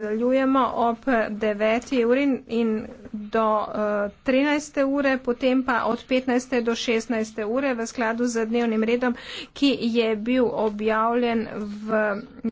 nadaljujemo ob 9. uri in do uh, eh, 13. ure, potem pa od 15. do 16. ure v skladu z dnevnim redom, ki je bil objavljen v.